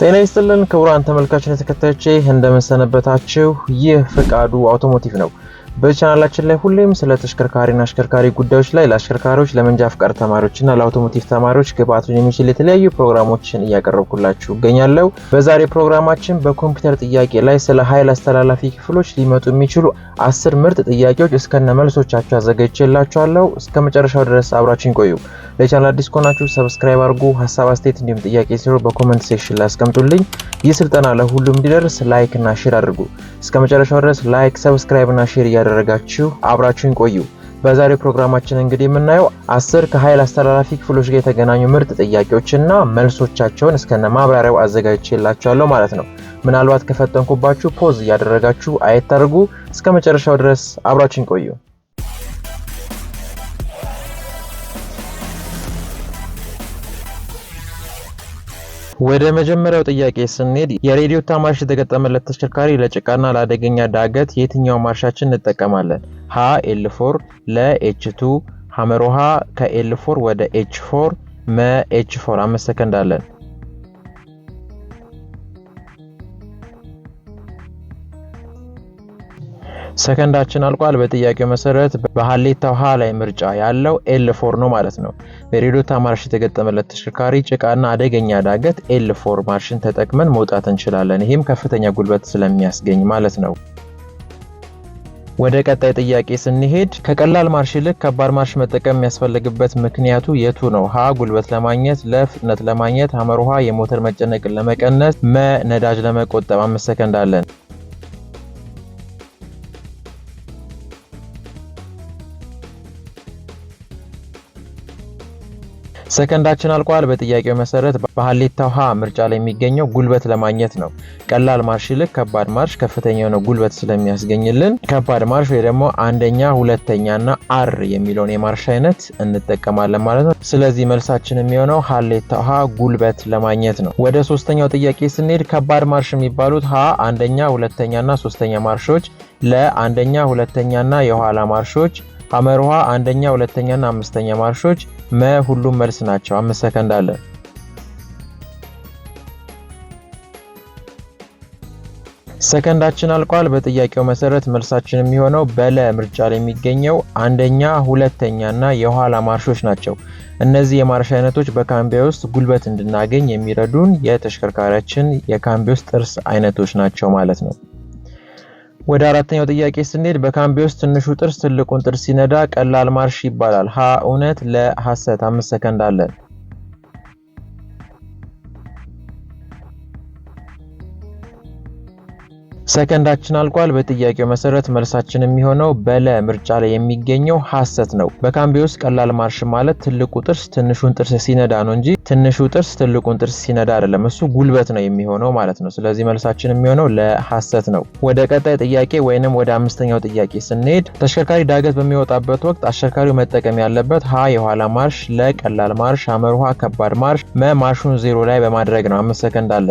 ጤና ይስጥልን ክቡራን ተመልካችን የተከታዮቼ እንደምንሰነበታችሁ። ይህ ፍቃዱ አውቶሞቲቭ ነው። በቻናላችን ላይ ሁሌም ስለ ተሽከርካሪና አሽከርካሪ ጉዳዮች ላይ ለአሽከርካሪዎች፣ ለመንጃ ፍቃድ ተማሪዎችና ለአውቶሞቲቭ ተማሪዎች ግብአቱን የሚችል የተለያዩ ፕሮግራሞችን እያቀረብኩላችሁ እገኛለሁ። በዛሬ ፕሮግራማችን በኮምፒውተር ጥያቄ ላይ ስለ ኃይል አስተላላፊ ክፍሎች ሊመጡ የሚችሉ አስር ምርጥ ጥያቄዎች እስከነ መልሶቻቸው አዘጋጅቼላችኋለሁ። እስከ መጨረሻው ድረስ አብራችን ቆዩ። ለቻናል አዲስ ከሆናችሁ ሰብስክራይብ አድርጉ። ሀሳብ አስተያየት፣ እንዲሁም ጥያቄ ሲኖር በኮመንት ሴክሽን ላይ አስቀምጡልኝ። ይህ ስልጠና ለሁሉም እንዲደርስ ላይክ እና ሼር አድርጉ። እስከ መጨረሻው ድረስ ላይክ፣ ሰብስክራይብ እና ሼር እያደ እያደረጋችሁ አብራችሁን ቆዩ። በዛሬው ፕሮግራማችን እንግዲህ የምናየው አስር ከኃይል አስተላላፊ ክፍሎች ጋር የተገናኙ ምርጥ ጥያቄዎችና መልሶቻቸውን እስከነ ማብራሪያው አዘጋጅቼላችኋለሁ ማለት ነው። ምናልባት ከፈጠንኩባችሁ ፖዝ እያደረጋችሁ አየት አድርጉ። እስከ መጨረሻው ድረስ አብራችሁን ቆዩ። ወደ መጀመሪያው ጥያቄ ስንሄድ የሬዲዮ ታማሽ የተገጠመለት ተሽከርካሪ ለጭቃና ለአደገኛ ዳገት የትኛው ማርሻችን እንጠቀማለን? ሀ ኤልፎር ለኤችቱ ሀመሮሃ ከኤልፎር ወደ ኤችፎር መኤችፎር አመሰከንዳለን ሰከንዳችን አልቋል። በጥያቄው መሰረት በሀሌታ ውሃ ላይ ምርጫ ያለው ኤል ፎር ነው ማለት ነው። በሬዶታ ማርሽ የተገጠመለት ተሽከርካሪ ጭቃና አደገኛ ዳገት ኤል ፎር ማርሽን ተጠቅመን መውጣት እንችላለን። ይህም ከፍተኛ ጉልበት ስለሚያስገኝ ማለት ነው። ወደ ቀጣይ ጥያቄ ስንሄድ ከቀላል ማርሽ ይልቅ ከባድ ማርሽ መጠቀም የሚያስፈልግበት ምክንያቱ የቱ ነው? ሀ ጉልበት ለማግኘት፣ ለፍጥነት ለማግኘት፣ አመር ውሃ የሞተር መጨነቅን ለመቀነስ፣ መ ነዳጅ ለመቆጠብ። አምስት ሰከንድ አለን። ሰከንዳችን አልቋል። በጥያቄው መሰረት በሀሌታ ውሃ ምርጫ ላይ የሚገኘው ጉልበት ለማግኘት ነው። ቀላል ማርሽ ይልቅ ከባድ ማርሽ ከፍተኛ የሆነ ጉልበት ስለሚያስገኝልን ከባድ ማርሽ ወይ ደግሞ አንደኛ፣ ሁለተኛና አር የሚለውን የማርሽ አይነት እንጠቀማለን ማለት ነው። ስለዚህ መልሳችን የሚሆነው ሀሌታ ውሃ ጉልበት ለማግኘት ነው። ወደ ሶስተኛው ጥያቄ ስንሄድ ከባድ ማርሽ የሚባሉት ሀ አንደኛ፣ ሁለተኛና ሶስተኛ ማርሾች፣ ለአንደኛ ሁለተኛ ሁለተኛና የኋላ ማርሾች፣ አመር ውሃ አንደኛ፣ ሁለተኛና አምስተኛ ማርሾች መ ሁሉም መልስ ናቸው። አምስት ሰከንድ አለ። ሰከንዳችን አልቋል። በጥያቄው መሰረት መልሳችን የሚሆነው በለ ምርጫ ላይ የሚገኘው አንደኛ፣ ሁለተኛ እና የኋላ ማርሾች ናቸው። እነዚህ የማርሽ አይነቶች በካምቢያ ውስጥ ጉልበት እንድናገኝ የሚረዱን የተሽከርካሪያችን የካምቢያ ውስጥ ጥርስ አይነቶች ናቸው ማለት ነው። ወደ አራተኛው ጥያቄ ስንሄድ ውስጥ ትንሹ ጥርስ ትልቁን ጥርስ ሲነዳ ቀላል ማርሽ ይባላል። ሀ እውነት፣ ለሀሰት። አምስት ሰከንድ አለን። ሰከንዳችን አልቋል። በጥያቄው መሰረት መልሳችን የሚሆነው በለ ምርጫ ላይ የሚገኘው ሀሰት ነው። በካምቢዮስ ውስጥ ቀላል ማርሽ ማለት ትልቁ ጥርስ ትንሹን ጥርስ ሲነዳ ነው እንጂ ትንሹ ጥርስ ትልቁን ጥርስ ሲነዳ አይደለም። እሱ ጉልበት ነው የሚሆነው ማለት ነው። ስለዚህ መልሳችን የሚሆነው ለሀሰት ነው። ወደ ቀጣይ ጥያቄ ወይንም ወደ አምስተኛው ጥያቄ ስንሄድ ተሽከርካሪ ዳገት በሚወጣበት ወቅት አሽከርካሪው መጠቀም ያለበት ሀ የኋላ ማርሽ፣ ለ ቀላል ማርሽ፣ አመርሃ ከባድ ማርሽ፣ መ ማርሹን ዜሮ ላይ በማድረግ ነው። አምስት ሰከንድ አለ።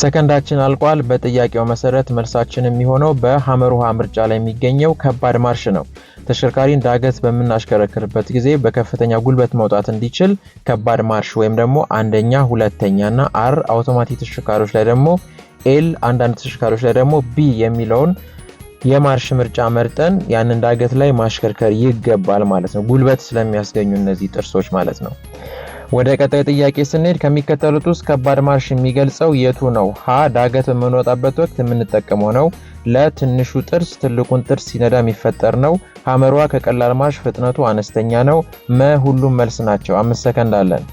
ሰከንዳችን አልቋል። በጥያቄው መሰረት መልሳችን የሚሆነው በሐመር ውሃ ምርጫ ላይ የሚገኘው ከባድ ማርሽ ነው። ተሽከርካሪን ዳገት በምናሽከረክርበት ጊዜ በከፍተኛ ጉልበት መውጣት እንዲችል ከባድ ማርሽ ወይም ደግሞ አንደኛ፣ ሁለተኛ እና አር አውቶማቲክ ተሽከርካሪዎች ላይ ደግሞ ኤል፣ አንዳንድ ተሽከርካሪዎች ላይ ደግሞ ቢ የሚለውን የማርሽ ምርጫ መርጠን ያንን ዳገት ላይ ማሽከርከር ይገባል ማለት ነው። ጉልበት ስለሚያስገኙ እነዚህ ጥርሶች ማለት ነው። ወደ ቀጣይ ጥያቄ ስንሄድ ከሚከተሉት ውስጥ ከባድ ማርሽ የሚገልጸው የቱ ነው? ሀ ዳገት በምንወጣበት ወቅት የምንጠቀመው ነው። ለትንሹ ጥርስ ትልቁን ጥርስ ሲነዳ የሚፈጠር ነው። ሀመሯ ከቀላል ማርሽ ፍጥነቱ አነስተኛ ነው። መ ሁሉም መልስ ናቸው። አምስት ሰከንድ አለን።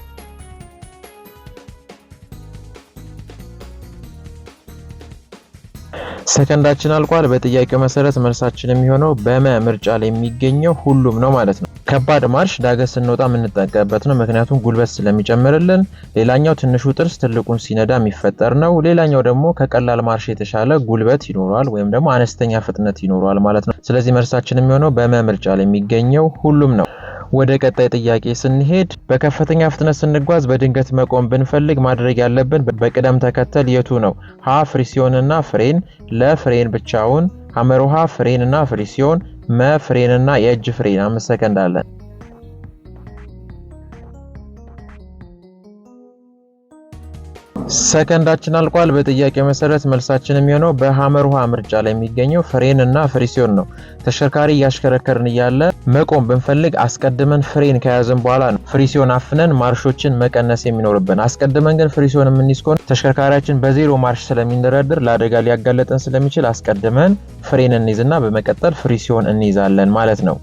ሰከንዳችን አልቋል። በጥያቄው መሰረት መልሳችን የሚሆነው በመ ምርጫ ላይ የሚገኘው ሁሉም ነው ማለት ነው። ከባድ ማርሽ ዳገት ስንወጣ የምንጠቀምበት ነው። ምክንያቱም ጉልበት ስለሚጨምርልን። ሌላኛው ትንሹ ጥርስ ትልቁን ሲነዳ የሚፈጠር ነው። ሌላኛው ደግሞ ከቀላል ማርሽ የተሻለ ጉልበት ይኖረዋል ወይም ደግሞ አነስተኛ ፍጥነት ይኖረዋል ማለት ነው። ስለዚህ መርሳችን የሚሆነው በመምርጫ ላይ የሚገኘው ሁሉም ነው። ወደ ቀጣይ ጥያቄ ስንሄድ በከፍተኛ ፍጥነት ስንጓዝ በድንገት መቆም ብንፈልግ ማድረግ ያለብን በቅደም ተከተል የቱ ነው? ሀ ፍሪሲዮንና ፍሬን፣ ለፍሬን ብቻውን፣ አመሮሃ ውሃ ፍሬንና ፍሪሲዮን፣ መ ፍሬንና የእጅ ፍሬን አምስት ሰከንድ አለን። ሰከንዳችን አልቋል። በጥያቄ መሰረት መልሳችን የሚሆነው በሀመር ውሃ ምርጫ ላይ የሚገኘው ፍሬን እና ፍሪሲዮን ነው። ተሽከርካሪ እያሽከረከርን እያለ መቆም ብንፈልግ አስቀድመን ፍሬን ከያዘን በኋላ ነው ፍሪሲዮን አፍነን ማርሾችን መቀነስ የሚኖርብን። አስቀድመን ግን ፍሪሲዮን የምንይዝ ከሆነ ተሽከርካሪያችን በዜሮ ማርሽ ስለሚንደረድር ለአደጋ ሊያጋለጠን ስለሚችል አስቀድመን ፍሬን እንይዝና በመቀጠል ፍሪሲዮን እንይዛለን ማለት ነው።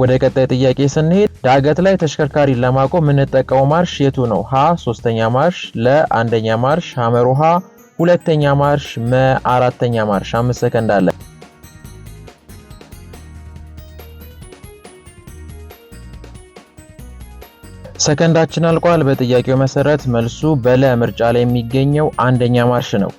ወደ ቀጣይ ጥያቄ ስንሄድ ዳገት ላይ ተሽከርካሪ ለማቆም የምንጠቀመው ማርሽ የቱ ነው? ሀ ሶስተኛ ማርሽ፣ ለ አንደኛ ማርሽ፣ ሐመር ውሃ ሁለተኛ ማርሽ፣ መ አራተኛ ማርሽ። አምስት ሰከንድ አለ። ሰከንዳችን አልቋል። በጥያቄው መሰረት መልሱ በለ ምርጫ ላይ የሚገኘው አንደኛ ማርሽ ነው።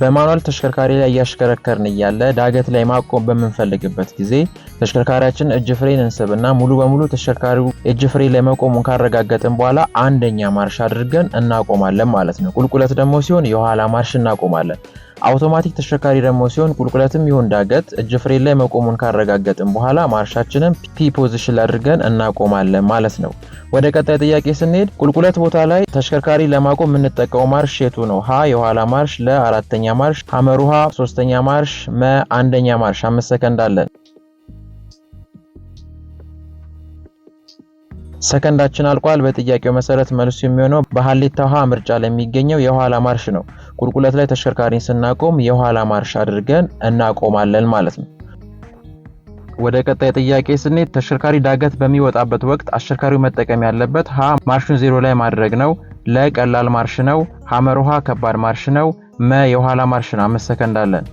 በማኑዋል ተሽከርካሪ ላይ እያሽከረከርን እያለ ዳገት ላይ ማቆም በምንፈልግበት ጊዜ ተሽከርካሪያችን እጅ ፍሬን እንስብና ሙሉ በሙሉ ተሽከርካሪው እጅ ፍሬ ላይ መቆሙን ካረጋገጥን በኋላ አንደኛ ማርሽ አድርገን እናቆማለን ማለት ነው። ቁልቁለት ደግሞ ሲሆን የኋላ ማርሽ እናቆማለን። አውቶማቲክ ተሽከርካሪ ደግሞ ሲሆን ቁልቁለትም ይሁን ዳገት እጅ ፍሬን ላይ መቆሙን ካረጋገጥን በኋላ ማርሻችንን ፒ ፖዚሽን ላድርገን እናቆማለን ማለት ነው። ወደ ቀጣይ ጥያቄ ስንሄድ ቁልቁለት ቦታ ላይ ተሽከርካሪ ለማቆም የምንጠቀመው ማርሽ የቱ ነው? ሀ የኋላ ማርሽ፣ ለ አራተኛ ማርሽ፣ ሀመሩሃ ሶስተኛ ማርሽ፣ መ አንደኛ ማርሽ። አምስት ሰከንድ አለን። ሰከንዳችን አልቋል። በጥያቄው መሰረት መልሱ የሚሆነው በሀሌታ ውሃ ምርጫ ላይ የሚገኘው የኋላ ማርሽ ነው። ቁልቁለት ላይ ተሽከርካሪን ስናቆም የኋላ ማርሽ አድርገን እናቆማለን ማለት ነው። ወደ ቀጣይ ጥያቄ ስንሄድ ተሽከርካሪ ዳገት በሚወጣበት ወቅት አሽከርካሪው መጠቀም ያለበት ሀ ማርሹን ዜሮ ላይ ማድረግ ነው፣ ለ ቀላል ማርሽ ነው፣ ሐመር ውሃ ከባድ ማርሽ ነው፣ መ የኋላ ማርሽ ነው። አምስት ሰከንድ አለን።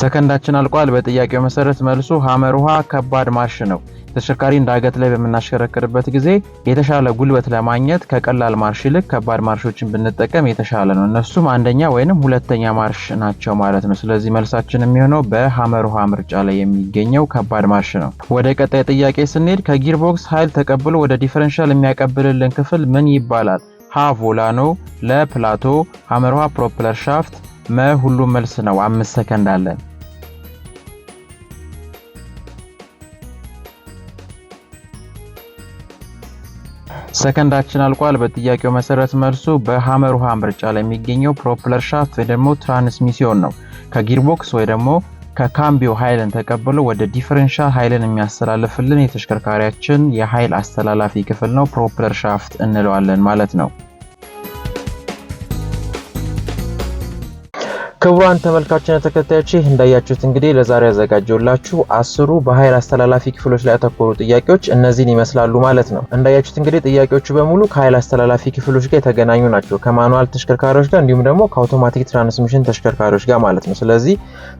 ሰከንዳችን አልቋል። በጥያቄው መሰረት መልሱ ሐመር ውሃ ከባድ ማርሽ ነው። ተሽከርካሪ ዳገት ላይ በምናሽከረክርበት ጊዜ የተሻለ ጉልበት ለማግኘት ከቀላል ማርሽ ይልቅ ከባድ ማርሾችን ብንጠቀም የተሻለ ነው። እነሱም አንደኛ ወይንም ሁለተኛ ማርሽ ናቸው ማለት ነው። ስለዚህ መልሳችን የሚሆነው በሀመር ውሃ ምርጫ ላይ የሚገኘው ከባድ ማርሽ ነው። ወደ ቀጣይ ጥያቄ ስንሄድ ከጊርቦክስ ኃይል ተቀብሎ ወደ ዲፈረንሻል የሚያቀብልልን ክፍል ምን ይባላል? ሀ ቮላኖ፣ ለ ፕላቶ፣ ውሃ ፕሮፕለር ሻፍት፣ መ ሁሉም መልስ ነው። አምስት ሰከንድ አለን። ሰከንዳችን አልቋል። በጥያቄው መሰረት መልሱ በሀመር ውሃ ምርጫ ላይ የሚገኘው ፕሮፕለር ሻፍት ወይ ደግሞ ትራንስሚሲዮን ነው። ከጊርቦክስ ወይ ደግሞ ከካምቢዮ ኃይልን ተቀብሎ ወደ ዲፈረንሻል ኃይልን የሚያስተላልፍልን የተሽከርካሪያችን የኃይል አስተላላፊ ክፍል ነው። ፕሮፕለር ሻፍት እንለዋለን ማለት ነው። ክቡራን ተመልካችን ተከታዮች እንዳያችሁት እንግዲህ ለዛሬ ያዘጋጀውላችሁ አስሩ በኃይል አስተላላፊ ክፍሎች ላይ ያተኮሩ ጥያቄዎች እነዚህን ይመስላሉ ማለት ነው። እንዳያችሁት እንግዲህ ጥያቄዎቹ በሙሉ ከኃይል አስተላላፊ ክፍሎች ጋር የተገናኙ ናቸው፣ ከማኑዋል ተሽከርካሪዎች ጋር እንዲሁም ደግሞ ከአውቶማቲክ ትራንስሚሽን ተሽከርካሪዎች ጋር ማለት ነው። ስለዚህ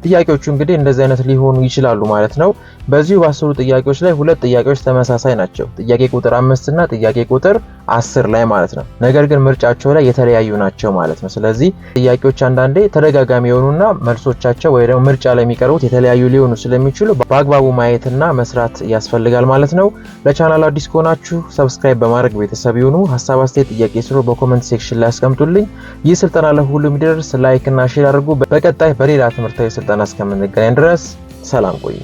ጥያቄዎቹ እንግዲህ እንደዚህ አይነት ሊሆኑ ይችላሉ ማለት ነው። በዚሁ በአስሩ ጥያቄዎች ላይ ሁለት ጥያቄዎች ተመሳሳይ ናቸው። ጥያቄ ቁጥር አምስት እና ጥያቄ ቁጥር አስር ላይ ማለት ነው። ነገር ግን ምርጫቸው ላይ የተለያዩ ናቸው ማለት ነው። ስለዚህ ጥያቄዎች አንዳንዴ ተደጋ ተደጋጋሚ የሆኑና መልሶቻቸው ወይ ደግሞ ምርጫ ላይ የሚቀርቡት የተለያዩ ሊሆኑ ስለሚችሉ በአግባቡ ማየትና መስራት ያስፈልጋል ማለት ነው። ለቻናል አዲስ ከሆናችሁ ሰብስክራይብ በማድረግ ቤተሰብ ይሁኑ። ሀሳብ አስተያየት፣ ጥያቄ ስሩ በኮመንት ሴክሽን ላይ አስቀምጡልኝ። ይህ ስልጠና ለሁሉም እንዲደርስ ላይክ እና ሼር አድርጉ። በቀጣይ በሌላ ትምህርታዊ ስልጠና እስከምንገናኝ ድረስ ሰላም ቆዩ።